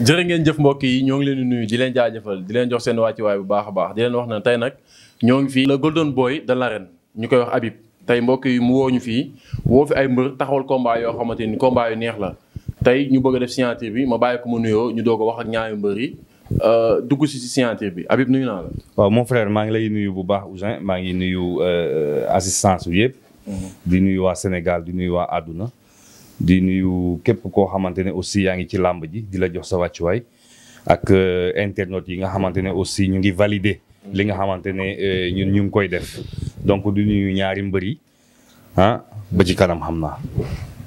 jërë ngeen jëf mbokk yi ñoo ngi leen di nuyu di leen jaajëfal di leen jox seen wàccuwaay bu baax a baax di leen wax na tey nag ñoo ngi fii le golden boy dala ren ñu koy wax Habib tey mbokk yi mu woo ñu fii woo fi ay mbër taxawal combat yoo xamante ni combat yu neex la tey ñu bëgg a def signature bi ma bàyyi ko ma nuyoo ñu doog a wax ak ñaari mbër yi euh, dugg si si signature bi Habib nuyu naa la. waaw mon frère maa ngi lay nuyu bu baax Ousin maa ngi nuyu euh, assistance bi yëpp. Mhm. di nuyu waa Sénégal di nuyu waa àdduna di nuyu képp koo xamante ne aussi yaa ngi ci làmb ji di la jox sa wàccuwaay ak euh, internautes yi nga xamante ne aussi ñu ngi valider li nga xamante ne euh, ñun ñu ngi koy def donc di nuyu ñaari mbër yi ah ba ci kanam xam naa.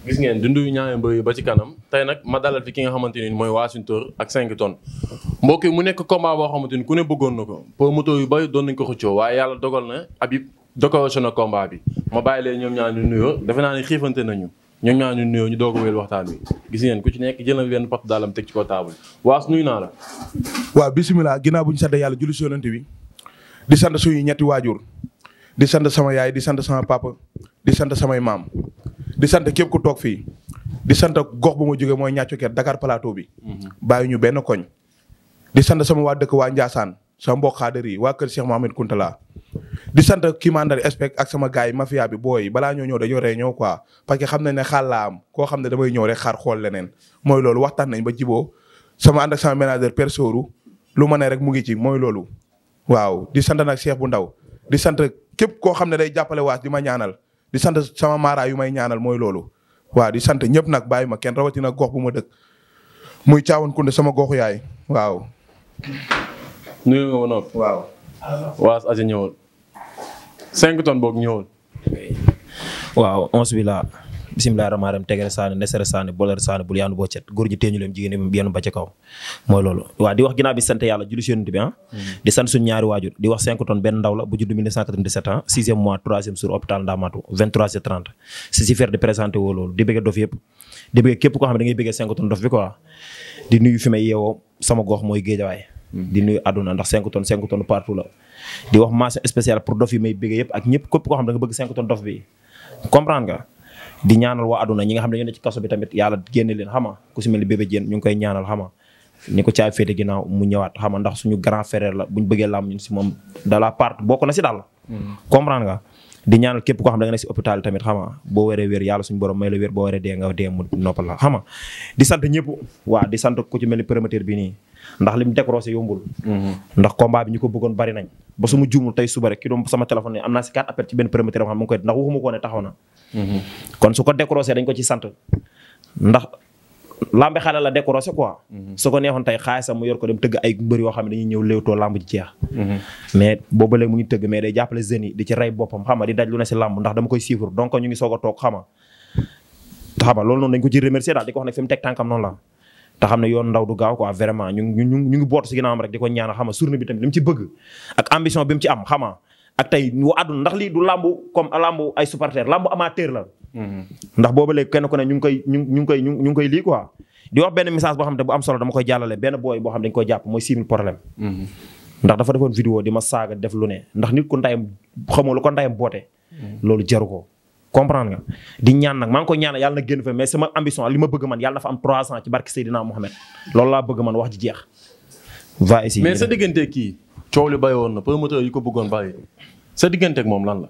gis ngeen di ñaari mbër yi ba kanam tey nag ma dalal fi ki nga xamante ni mooy Wassintor ak 5 tonnes mbokk yi mu nekk combat boo xamante ni ku ne bëggoon na ko promoteur yu bari doon nañ ko xëccoo waaye yàlla dogal na Habib décroché na combat bi ma bàyyi leen ñoom ñaar nuyoo defe naa ne xiifante nañu. ñoom ñaa ñu nuyoo ñu doog a waxtaan wi gis ngeen ku ci nekk jël na benn pot daalam teg ci ko table waas nuyu naa la. waaw bisimilah ginnaaw bu ñu sant yàlla julli sonante bi di sant suñu ñetti waajur di sant sama yaay di sant sama papa di sant samay maam di sant képp ku toog fii di sant gox ba ma jógee mooy ñàccu ker Dakar plateau bi. Mhm. bàyyi ñu benn koñ. di sant sama waa dëkk waa Ndiassane sama mbokk xaadar yi waa kër Cheikh Mohamed Kountala di sant kii ma àndal expect ak sama gars yi mafia bi booy balaa ñoo ñëw dañoo réunion quoi parce que xam nañ ne xaal laa am koo xam ne damay ñëw rek xaar xool leneen mooy loolu waxtaan nañ ba jiboo sama ànd ak sama manager persooru lu ma ne rek mu ngi ci mooy loolu. waaw di sant nag Cheikh bu ndaw di sant képp koo xam ne day jàppale waas di ma ñaanal di sant sama maara yu may ñaanal mooy loolu. waaw di sant ñëpp nag bàyyi ma kenn rawatina gox bu ma dëkk muy caawoon kunde sama goxu yaay waaw. nuyu nga ma noppi. waaw. waas aja cinq tonnes boog ñëwal. waaw onze bi laa bisimilah rahmaani rahiim saani nesere saani bolere saani bul yaanu boo cet góor ñi teeñu leen jigéen ñi yenn ba ca kaw mooy loolu waaw di wax ginnaaw bi sant ah. mm. di sant suñu ñaari waajur di wax 5 tonnes benn ndaw la bu judd 1997 ans ah. sixième mois troisième jour hôpital Ndamatou 23 30 si si faire de présenté woo loolu di bëgg dof yëpp di bëgg képp koo xam ne da ngay bëgg 5 tonnes yeewoo sama gox mooy géejawaay di nuyu àdduna ndax 5 tonnes 5 tonnes partout la. di wax mention dof bi comprendre nga. di ñaanal waa àdduna ñi nga xam ne ñu ne ci kaso bi tamit yàlla génne leen xama ku si mel ni bébé jéen ñu ngi koy ñaanal xama ni ko caay féete ginnaaw mu ñëwaat xama ndax suñu grand frère la buñ bëggee laam si moom de la part bokk na si daal comprendre nga di ñaanal képp koo xam ne da nga ne si hôpital tamit xama boo wéree wér yàlla suñu borom may la wér boo wéree dee nga dee mu noppal la ni ndax lim décroché yombul. Mhm. ndax combat bi ñu ko bëggoon bari nañ. ba su ma juumul tey suba rek ki doon sama téléphone am naa si quatre appels ci benn promoteur xam mu ngi koy ndax waxuma ko mhm. kon su ko décroché dañ ko ci sant ndax lambe xale la décroché quoi. Mhm. su ko neexoon tey xaalisam mu yor ko dem xam ne dañuy ñëw Leewtoo lamb ji jeex. mais boobu léegi mu ngi tëgg mais jàppale jeunes yi di ci rey xam nga di daj lu ne si lamb ñu ngi soog toog xam nga. loolu noonu dañ ko ci remercier daal di ko wax ne fi mu teg tànkam noonu la te xam ne yoon ndaw du gaaw quoi vraiment ñu ñu ngi boot si ginnaawam rek di ko ñaan xama surne bi tamit li mu ci bëgg ak ambition bi mu ci am xama ak tey wa àdduna ndax lii du lambu comme lambu ay supporter lambu amateur la mm-hmm. ndax booba léegi ku ne ñu ngi koy ñu ñu koy lii quoi di wax benn message boo ne bu am solo dama koy jàllale benn booy boo jàpp mooy 6000 problème mm-hmm. ndax dafa defoon vidéo di ma saaga def lu ne ndax nit ku ndayam xamoo lu ko ndayam boote mm-hmm. loolu jaru ko comprendre nga di ñaan nag maa ngi ñaan yàlla na génn fa mais sama ambition li ma bëgg man yàlla na fa am 300 ci barke Seydina Mohamed loolu laa bëgg man wax jeex. mais sa diggante kii coow li bàyyi woon na promoteur yi ko bëggoon bàyyi sa diggante ak moom lan la.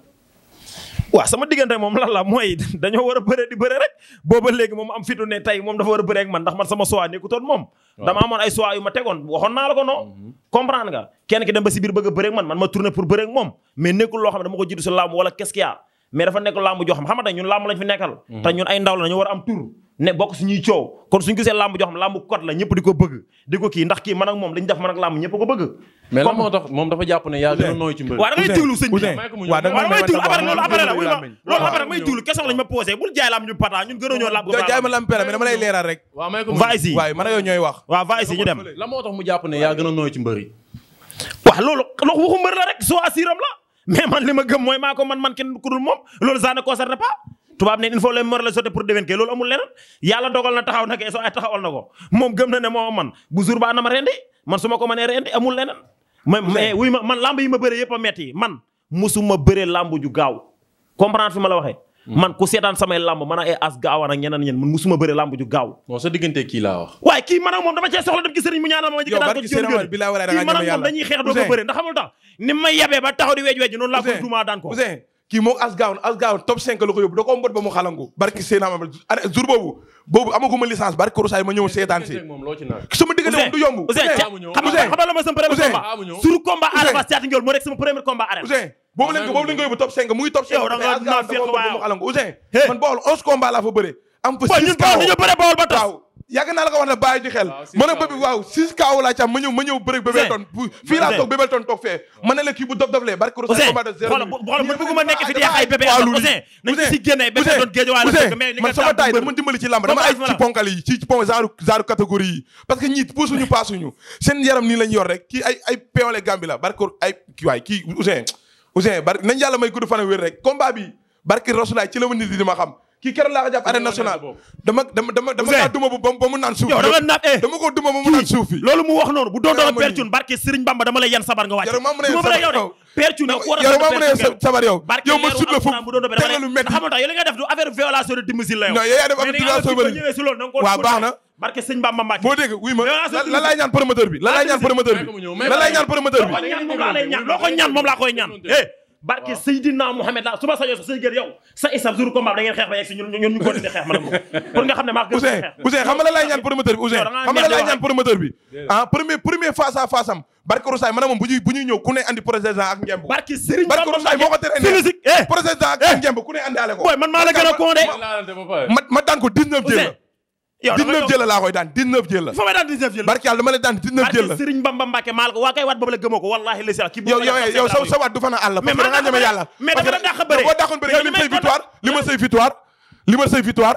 waaw sama la a bëre di a bëre ak man sama choix nekkutoon moom dama amoon ay choix yu ma tegoon waxoon naa la ko non mhm. comprendre nga kenn ki dem ba si bëgg a bëre ak man man ma tourné pour bëre moom mais nekkul loo xam dama ko jiitu si làmb mais dafa nekk làmb joo xam ñun làmb lañ fi nekkal. Mhm. te ñun ay ndaw la ñu war a am tur. ne bokk suñuy coow kon suñu gisee làmb joo xam làmb kot la ñëpp di ko bëgg di ko gën a nooy ci mbër. waaw dama lay leeral rek waaw may ko mu jàpp ne la mais man li ma gëm mooy maa ko man man kenn ku dul moom loolu ça ne concerne pas tubaab ne il faut le mor la sotte pour déwén kay loolu amul leneen yàlla dogal na taxaw na kay soo ay taxawal na ko moom gëm na ne moo man bu jour ba na ma rendi man su ma ko mënee rendi amul leneen. mais mais wuy ma man lamb yi ma bëree yëpp a metti man musuma bëree lamb ju gaaw comprendre fi ma la waxee. Mm. man ku seetaan samay làmb man a ay as gaawan ak ñeneen ñen man musuma bëre ju gaaw non sa diggante kii moom dama ma ma jëkk daan ko moom dañuy xeex doo ko bëre ndax xamul tax ni ba taxaw di weej weej noonu laa ko dumaa daan ko kii as gaawan as gaawan top 5 la ko yóbbu da ko ba mu xalangu barki Seydina Mohamed jour boobu boobu amaguma licence barki Kourou Saay ma ñëw seetaan si sama diggante moom du yomb Ousseyn boobu lañ ko boobu lañ ko yóbbu top 5 muy top 5 yow da nga na fekk waaw alang Ousseyn man bool 11 combat laa fa bëre am fa 6 kaw ñu bëre bool ba taw yàgg naa la ko wax ne bàyyi ji xel mën a bëbi waaw 6 kaw laa ca ma ñëw ma ñëw bëre Bébelton fii laa toog Bébelton toog fee ma ne la kii bu dof dof lee barki ru sa combat de zéro man bëgguma nekk fi di yàq ay bébé Ousseyn nañ ci génne Bébelton géej waa la man sama taay dama dimbali ci lamb dama ay ci ponkal yi ci pon genre genre catégorie yi parce que ñiit puusuñu paasuñu seen yaram nii lañ yor rek kii ay ay peole Gambie la barki ay kii waay kii Ousseyn Ousseyn barki nañ may gudd fan wér rek combat bi barki Rasulaay ci la ma nit ma xam kii keroog laa ko jàpp arène nationale dama dama eh. duma ba mu naan suuf loolu mu wax noonu bu doon doon percune barke Serigne Bamba dama lay yan sabar nga wàcc yow maa mën a yow percune yow maa mën a sabar yow yow ma sut la foofu tegalu métti xam barke sëñ Bamba Mbacke boo dégg wuy ma la ñaan promoteur bi la lay ñaan promoteur bi la lay ñaan promoteur bi ñaan moom laa lay ñaan loo ko ñaan moom eh, ma la moom ah, premier premier face barke Roussaay maanaam moom bu ñuy bu ñuy ñëw ku ne andi ak ngemb barke Serigne barke Roussaay moo ko tere eh, physique ak eh. ngemb ku ne andaale man maa la gën a con de ma daan ko 19 yow dama laa koy daan daan 19 jël la barke yàlla dama daan 19 jël la. Serigne Bamba ko waa kay waat boobu la gëmoo ko wallaahi la si la. kii yow yow sa sa ñeme yàlla mais a boo dàqoon bëre nga say victoire li say victoire li say victoire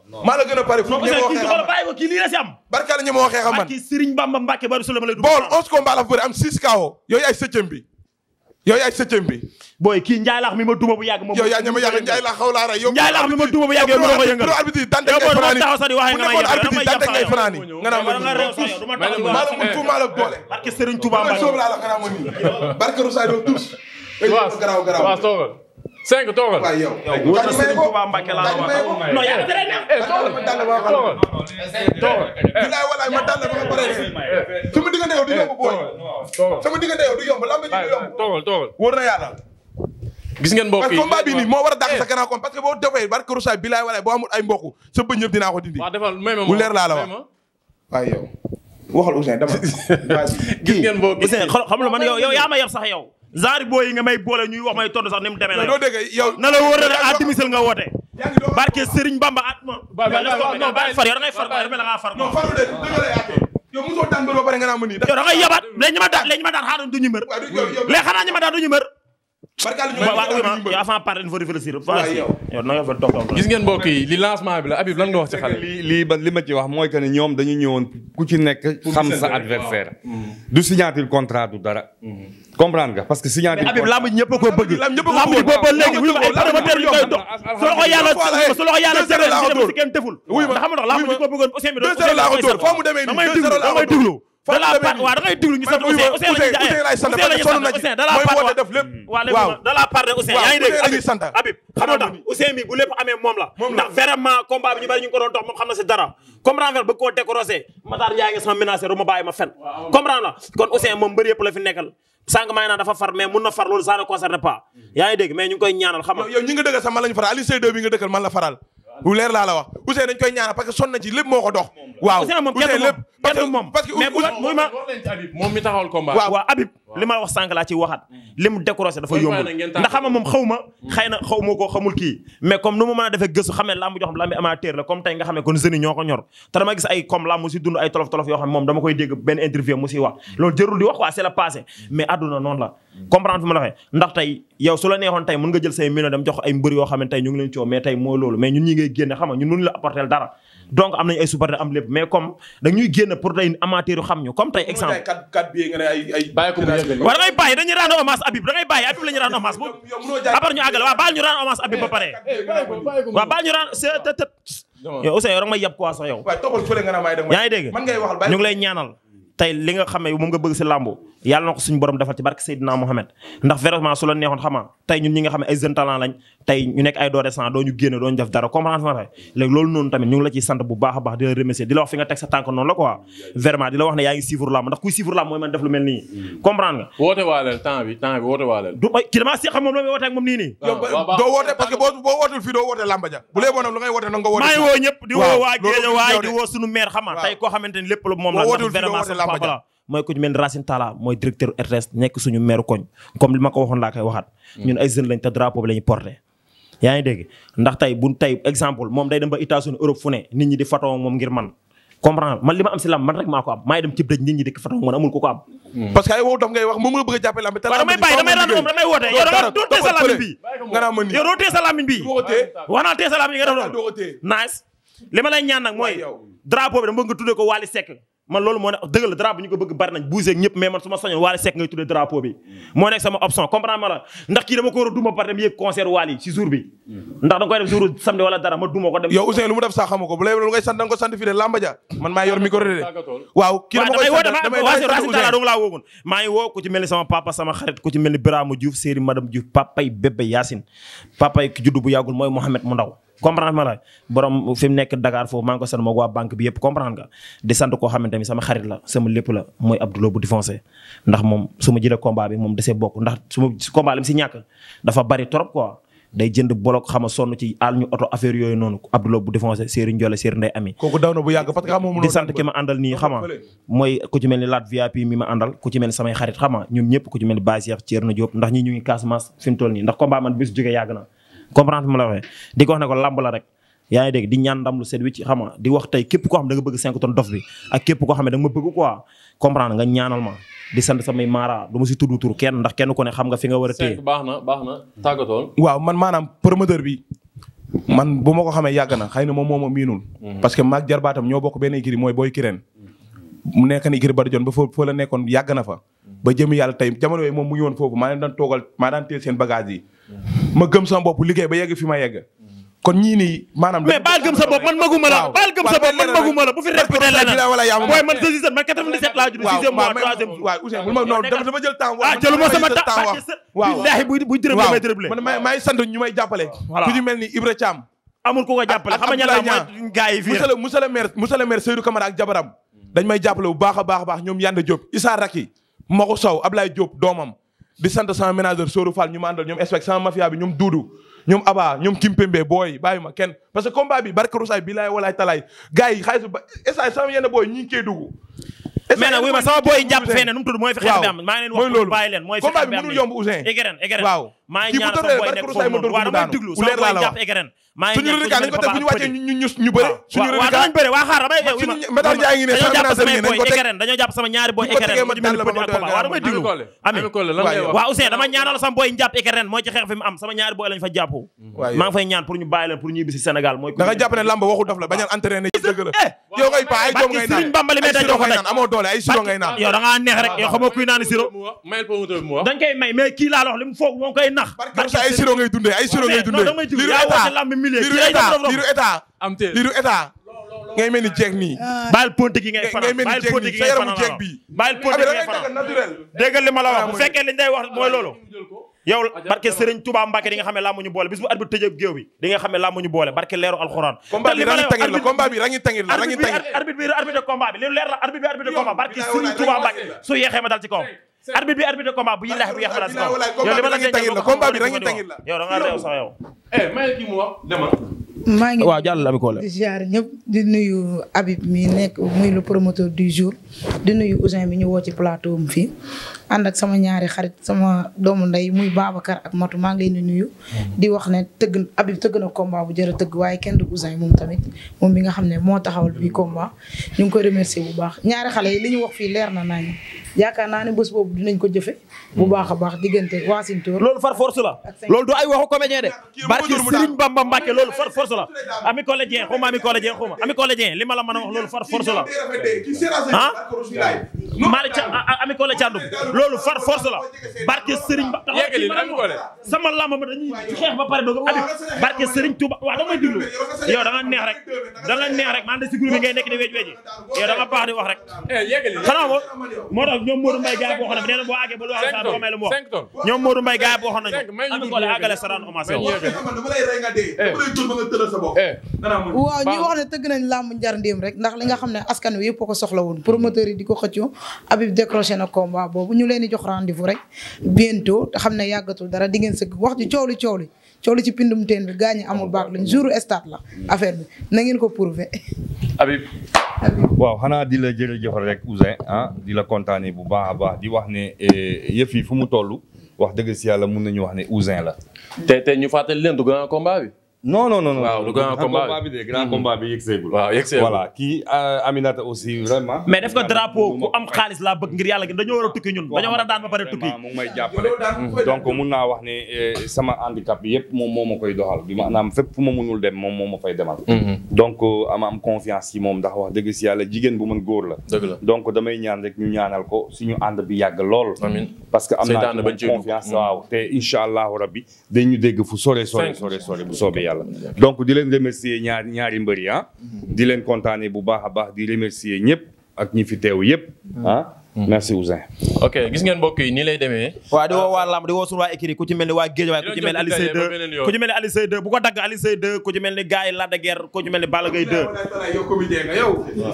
maa la gën a pare fu ñu a bàyyi ko kii lii la si am barka a man Serigne la ma lay bool onze combat la fa bëri am six KO yooyu ay septième bi yooyu ay booy kii Njaay laax mi duma bu yàgg moom yow yaa Njaay laax xaw laa rey yow duma bu yàgg yow mënoo ma yëngal yow arbitre dante ngay fanaan yi bu nekkoon arbitre dante nga naan ma maa fu maa la boole cinq toogal. waaw yow wóor na Serigne Touba Mbacke laa wax non yaa ngi ma dàll ba toogal toogal. bilaay walaay ma dàll ba pare de. sama diggante yow du yomb booy. sama diggante yow du yomb lamb ji du yomb. toogal toogal wóor na yàlla. gis ngeen mbokk yi parce que combat bi nii moo war a dàq sa gànnaaw kon parce que boo defee barke Roussaay bilaay walaay boo amul ay mbokk sa bëñ ñëpp dinaa ko dindi. waaw defal may ma mu leer laa la wax waaw yow. waxal Ousseyn dama. gis ngeen mbokk yi Ousseyn xool xam nga man yow yow yaa ma yab sax yow genre boo yi nga may boole ñuy wax may tontu sax ni mu demee na la wóor ne ah timisel nga woote. barke Serigne Bamba at ah, ma. non far yow da far yow da ngaa far. non farul de dëgg la yaatee. yow mosoo daan ba pare nga naa ma nii. yow da ngay yabaat léegi ñu ma du ñu barkaal ñu ma part dañu fa réfléchir. waaw yow yow na nga fa toog gis ngeen mbokk yi li lancement bi la Habib lan nga wax ci lii lii li ma ci wax mooy que ne ñoom dañu ñëwoon ku ci nekk. xam sa adversaire mm. du signature contrat du dara. Mm-hmm. comprendre nga parce que signature. mais Habib lamb ñëpp a ko bëgg. lamb ñëpp a ko bëgg waaw ko bëgg waaw lamb ñëpp a ko bëgg. su la ko yàlla su la ko yàlla. deux zéro laa ko dóor deux zéro laa da laa pat waaw mi bu lépp amee moom la ndax vraiment combat bi ñu bari ñu ko dox moom xam na si dara comprendre nga bëgg koo décroché Matar Ndiaye nga sama menacé du ma bàyyi ma fen comprendre la kon Ousseyn moom mbër yëpp la fi nekkal sànq maa ngi naan dafa far mais mun na far loolu ça ne concerne pas yaa ngi dégg mais ñu ngi ñaanal xam nga yow ñi nga dëggal sax man lañu faral Aliou Seydou bi nga dëkkal man la faral bu leer laa la wax Ousseyn dañ koy ñaanal parce que sonn na ci lépp parce que moom parce moom mi taxawal combat. waaw waaw li ma wax sànq laa ci waxaat. Mm. li mu décroché dafa yomb ndax xam moom xaw ma. Mm. na xaw ko xamul kii. mais comme nu mu mën a defee gëstu xam nga xam kon jeunes ñoo ko ñor te dama gis comme làmb mu si dund ay tolof mm. ñu la apporter dara donc am nañu ay supporter am lépp mais comme dañuy génn pour day amateur yu xam ñu comme tey exemple. bàyyi ko mu da ngay bàyyi dañuy rendre hommage Habib da la ñuy rendre hommage bu abar ñu àggale waaw baal ñu rendre hommage Habib ba pare eh, waaw baal ñu rendre c'est yow Ousseyn yow da nga may yab yow yaa ngi dégg ñu ngi lay ñaanal tey li nga xamee moom nga bëgg si làmbu yàlla na ko suñu borom defal ci barke Seydina Mohamed ndax vraiment su neexoon xama tey ñun ñi nga xam ne ay jeune tey ñu nekk ay adolescent doo ñu génn doo ñu def dara comprendre nga léegi loolu noonu tamit ñu ngi la bu baax a baax di la remercier di la wax fi noonu la quoi vraiment di la mm. moom la moom nii ah, doo woote parce que boo woote làmb ja bu lee boonam lu ngay woote nag nga woote maa ngi woo ñëpp di woo waa géej waay di woo sunu maire xam nga tey koo xamante ni lépp la moom la vraiment sa papa la mooy ku ci mel ni Racine Talla koñ comme li ma yaa ngi dégg ndax bu tey exemple moom day dem ba États-Unis Europe fu nit ñi di fatoo moom ngir man comprendre man li ma am si lamb man rek maa ko am maay dem ci dëj nit ñi di fatoo man amul ko ko am hmm. parce que ay wow tam ngay wax moom a moom sa lamiñ bi nga naa ma nii yow doo li ma lay ñaan nag mooy drapeau bi dama bëgg nga tuddee ko Wally Seck man loolu moo ne dëgg la drapeau ñu ko bëgg bari nañ ñëpp mais man su ma soñoon ngay tuddee drapeau bi moo nekk sama option comprendre ma la ndax kii dama ko war a dara ma duma ko dem yow Ousseyn lu mu def sax xamu bu lay lu ngay sant danga sant fii de lamba ja man maa yor micro de waaw kii dama koy sant damay dama ku ci mel ni sama papa sama xarit ku ci mel ni papay bébé Yacine papay juddu bu yàggul mooy Mohamed mu comprendre ma la borom fi nekk Dakar foofu maa ngi ko sant moog waa banque bi yëpp comprendre nga di sant koo xamante ni sama xarit la sama lépp la mooy Abdoulaye bu défoncé ndax moom ma jëlee combat moom dasee bokk ndax su ma combat li mu si ñàkk dafa bari trop quoi day jënd bolok xama sonn ci àll ñu oto affaire yooyu noonu Abdoulaye bu défoncé Serigne Ndiol ma àndal nii xama ñu ngi Casamance fi toll nii ndax combat man bis jógee yàgg na comprendre ma la waxee di ko wax ne ko làmb rek yaa dégg di ñaan ndam lu set wi di wax tey képp koo xam ne bëgg 5 tonnes dof bi ak képp koo xam ne bëgg quoi a na na waaw man maanaam promoteur bi man bu ma ko xamee yàgg na na moom moo ma miinul mhm. parce que maag jarbaatam ñoo bokk benn ikiri mooy booy kireen mu nekk ni ikiri badajon ba foofu la nekkoon yàgg fa ba jëm yàlla tey jamono yooyu moom mu ngi foofu maa daan toogal maa daan téel ma gëm sama bopp liggéey ba yegg fi ma yegg. kon ñii nii maanaam. mais baal gëm sa bopp man maguma la baal gëm sa bopp man maguma la bu fi répété leneen waaw man 77 man 97 laa judd 6e mois 3 ma non dama jël temps wax. ah jëluma sama temps wax jàppale. voilà mel ni Ibra Thiam. amul ku ko jàppale xam a baax a baax ñoom Yanda Diop Issa Raki Mako doomam di sant sama ménageur Soro Fall ñu ma àndal ñoom sama mafia bi ñoom Duudu ñoom Aba ñoom Kimpembe booy bàyyi ma kenn parce que combat bi barke Roussaay bi laay walaay talaay gars yi sama yenn booy ñi ngi cee dugg. mais ma sama booy jàpp fee ne nu mu fi xeex bi am maa ngi leen wax bàyyi yomb Ousseyn. Egeren Egeren maa ngi nekk suñu ko ñu wàccee ñu ñu ñu bëri. suñu reliquat waaw danañ bëri waa xaaral jàpp sama ñaari booy écréne mu waaw Ousseyn mooy ci xeex fi am sama ñaari booy lañ fa jàpp. maa ngi fay ñaan pour ñu bàyyi leen pour ñu ñibbi si Sénégal mooy. da nga jàpp ne lamb waxu daf la bañal entraîné ci dëgg la. neex rek yow xamoo kuy naan siro. dañ koy may mais kii laa wax li mu foog moom koy ay siro ngay dundee ay siro ngay dundee humilier kii lay def liiru état am teel liiru état ngay mel ni jeeg nii. bàyyil ponte gi ngay fanaan bàyyil ponte gi ngay fanaan jeeg bi bàyyil ponte gi ngay fanaan déggal li ma la wax bu fekkee liñ day wax mooy loolu yow barke Serigne Touba Mbacke di nga xam ne laa muñu boole bis bu at bi tëjee géew bi di nga xam ne laa muñu boole barke leeru alxuraan combat bi rangi tangir la combat bi rangi tangir la rangi tangir arbitre bi arbitre combat bi leeru leer la arbitre bi arbitre combat barke Serigne Touba Mbacke su yeexee ma dal ci kawam arbitre bi arbitre combat bu yi laax bu yàq la yow li ma la tëjee la combat bi rangi tangil la yow may ki mu wax maa ngi waaw jàll Ami Collé di ziar ñëpp di nuyu Habib mi nekk muy le promoteur di jour di nuyu Ousin bi ñu woo ci plateau am fii ànd ak sama ñaari xarit sama doomu ndey muy Babacar ak Matu maa ngi leen nuyu di wax ne tëgg Habib tëgg na combat bu jërë tëgg waaye kenn du Ousin moom tamit moom bi nga xam ne moo taxawul bi combat ñu ngi koy remercier bu baax ñaari xale yi li ñu wax fii leer na nañu yaakaar naa ne bés boobu dinañ ko jëfe bu baax a baax diggante Wassintor loolu la loolu du far force la ami collégien xuma ami collégien xuma ami collégien li ma la mën a wax la ah? ah, ah, ami collé càndum sama lamba ma dañuy xeex ba pare dooga abi barke Serigne Touba waaw da may diglu yow da nga neex rek da nga neex rek man da si groupe bi ngay nekk di weej weeji yow da nga baax wax rek eh, xanaa moo ñoom Modou Mbaye gars yi waxoon na nee na boo àggee ba lu am saa doo may la mu wax ñoom Modou Mbaye gars yi waxoon nañu am doole àggale saraan Omar Sow eh. dama lay rey nga dee dama lay tur ba nga tëral sa bopp eh. waaw ñuy wax ne tëgg nañ làmb njar ndéem rek ndax li nga xam ne askan wi yëpp ko soxla woon promoteur yi di ko xëccoo Habib décroché na combat boobu ñu leen di jox rendez-vous rek bientôt te xam ne yàggatul dara di ngeen sëgg wax ji coow li coow li coow li ci pindum teen bi gaañi amul baax lañ jour stade la affaire bi na ngeen ko prouver Habib waaw xanaa di la jërëjëf rek Ouzin ah di la kontaanee bu baax a baax di wax ne eh, yëf yi fu mu toll wax dëgg si yàlla mun na ñu wax ne Ouzin la. te te ñu fàttali leen du grand combat bi. non non non. waaw lu grand combat bi de grand hmm. combat bi yegg seegul. waaw yegg seegul voilà kii euh, Aminata aussi vraiment. mais def ko drapeau ku am xaalis laa bëgg ngir yàlla gi dañoo war a tukki ñun dañoo war a daan ba pare tukki. mu ngi may jàppale donc mun naa wax ne euh, sama handicap bi yëpp moom moo ma koy doxal bi maanaam fépp fu ma mënul dem moom moo ma fay demal. Hmm. donc euh, ama am confiance ci moom ndax wax dëgg si yàlla jigéen bu mën góor la. dëgg la donc damay ñaan rek ñu ñaanal ko suñu ànd bi yàgg lool. amiin parce que am naa confiance waaw te incha allahu rabbi dañu dégg fu sore sore sore sore bu soobee yàlla donc di leen remercier ñaari ñaari mbëri di leen kontaane bu baax baax di remercier ñëpp ak ñi fi teew yëpp ah merci Ouzin ok gis ngeen mbokk yi nii lay demee waaw di woo waa lamb di woo suñu waa écrit ku ci mel ni waa géej waaye ku ci mel ni Aliou Seye 2 bu ko dagg Aliou Seye 2 ku ci mel ni gars yi Lac ku ci mel ni Balla Gaye 2